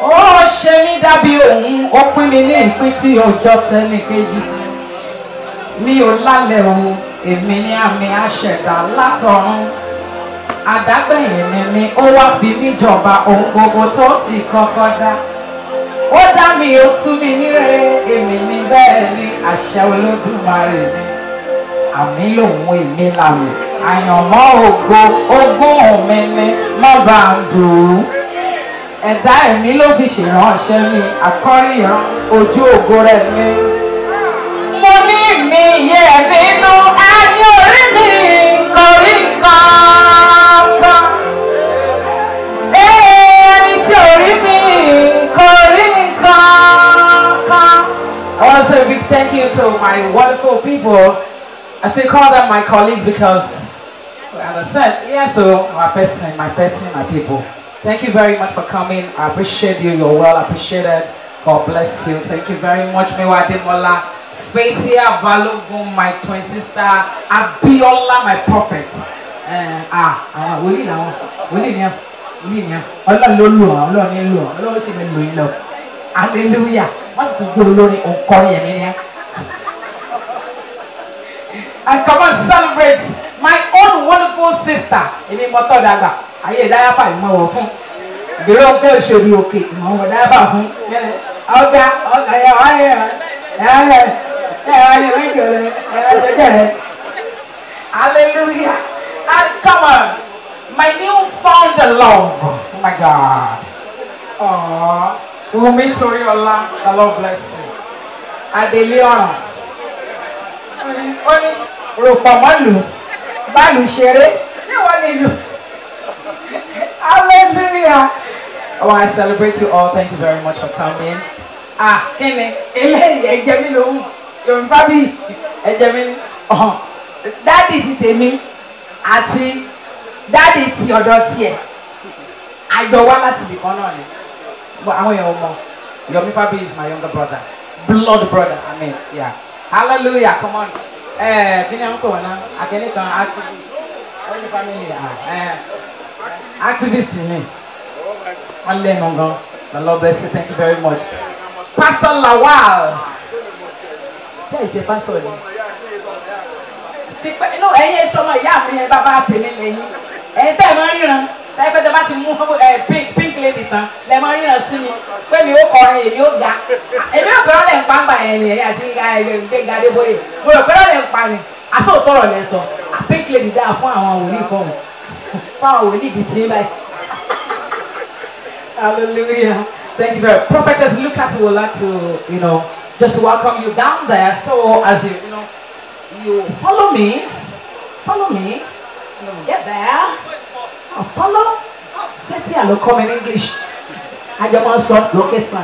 ó ṣe mí dábí òun ó pín mi ní ìpín tí òjọ tẹnìkejì mi ò lálẹ́ òun èmi ní àmì àṣẹ̀dá látọ̀run àdágbẹ̀yìn ni mi ó wá fi mí jọba ohun gbogbo tó ti kọ́kọ́ dá ó dá mi ó sún mi níre èmi ní bẹ́ẹ̀ ni àṣẹ olódùmarè mi àmì lòun èmi làwọn àyànmọ́ ògo ogún òun mi ni má bàa dùn ún ẹ̀dá ẹ̀mí ló fi ṣèránṣẹ́ mi àkọ́ríyàn ojú ògo rẹ̀ mi. mo ní mi yẹ nínú ayé orí mi kọrí kankan. ẹni tí orí mi kọrí kankan. I want to say a big thank you to my wonderful people. I still call them my colleagues because, well, as I said, yeah, so my person, my person, my people. Thank you very much for coming. I appreciate you. You're well appreciated. God bless you. Thank you very much, Mewa Ademola. Faithia Balogun, my twin sister. Abiola, my prophet. Uh, ah, wòlíì làwọn wòlíì ni wòlíì ni ọlọ́run ló lù ọ́ ọlọ́run ni lù ọ́ ọlọ́run sì ni lù yín lọ hallelujah wọ́n sì tún gbé olórin òǹkọrin ẹ̀mí ni. and come on celebrate my own wonderful sister èmi motodaga ayé da ìdáyàpá ma wọ̀ fún ìbéèrè òun kẹ́ òṣèlú òkè ìmọ̀ wọ̀ dáyàpá fún ọjà ọjà ẹ̀ wáyé ẹ̀ wáyé ẹ̀ wáyé méjì rẹ̀ ẹ̀ hallelujah and come on my new found love oh my god Oh. aww wumi toriola the lord bless you adele ọ̀ràn ó ní rògbòmọ́lù báàlù ṣeré ṣé wọ́n nílùú. Hallelujah. Oh, I celebrate you all. Thank you very much for coming. Ah, Kenny, eléyìí ẹ̀jẹ̀ mi ló ń Yorùbá bí ẹ̀jẹ̀ mi ni. Dádì ti tèmi àti dádì ti ọ̀dọ̀ tiẹ̀. Àjọ wá láti ibì kan náà ni. Àwọn èèyàn mọ̀, Yomi Fabi is my younger brother, blood brother, I mean, yeah. Hallelujah, come on. Eh, ni Uncle, ń pè wọ́n náà? Akẹ́ni kan activist, only family, ah, eh, activist ni. Only Nongo. The Lord bless you. Thank you very much. Pastor Lawal. Say, ẹ ṣe pastor ni? Ti pẹ́ inú ẹ̀yin ẹ̀ṣọ́ ọmọ ìyá mi yẹn bàbá tèmi lẹ́yìn. Ẹ̀yin tẹ́ ẹ̀ máa ríran. Ẹ̀yin pẹ́ tẹ bá ti mú pink lady tán. Lẹ máa ríran sí you Pé mi ó kọrin, èmi ó ga. Èmi ò pẹ́rọ́ lẹ̀ ń pàǹgbà yẹn ni ẹ̀yin àti Gbẹ̀ngà Adébóyè. Mo rò pẹ́rọ́ lẹ̀ ń pa ni. Aṣọ òtọ́rọ̀ lẹ sọ. Pink lady dáa fún àwọn wòlíì kan. Fún àwọn wòlíì bìtì báyìí. Hallelujah. Thank you very much. Prophetess Lucas would like to, you know, just welcome you down there. So as you, you know, you follow me, follow me, and then get there. I'll follow. Plenty are English. I just want some location.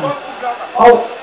Oh.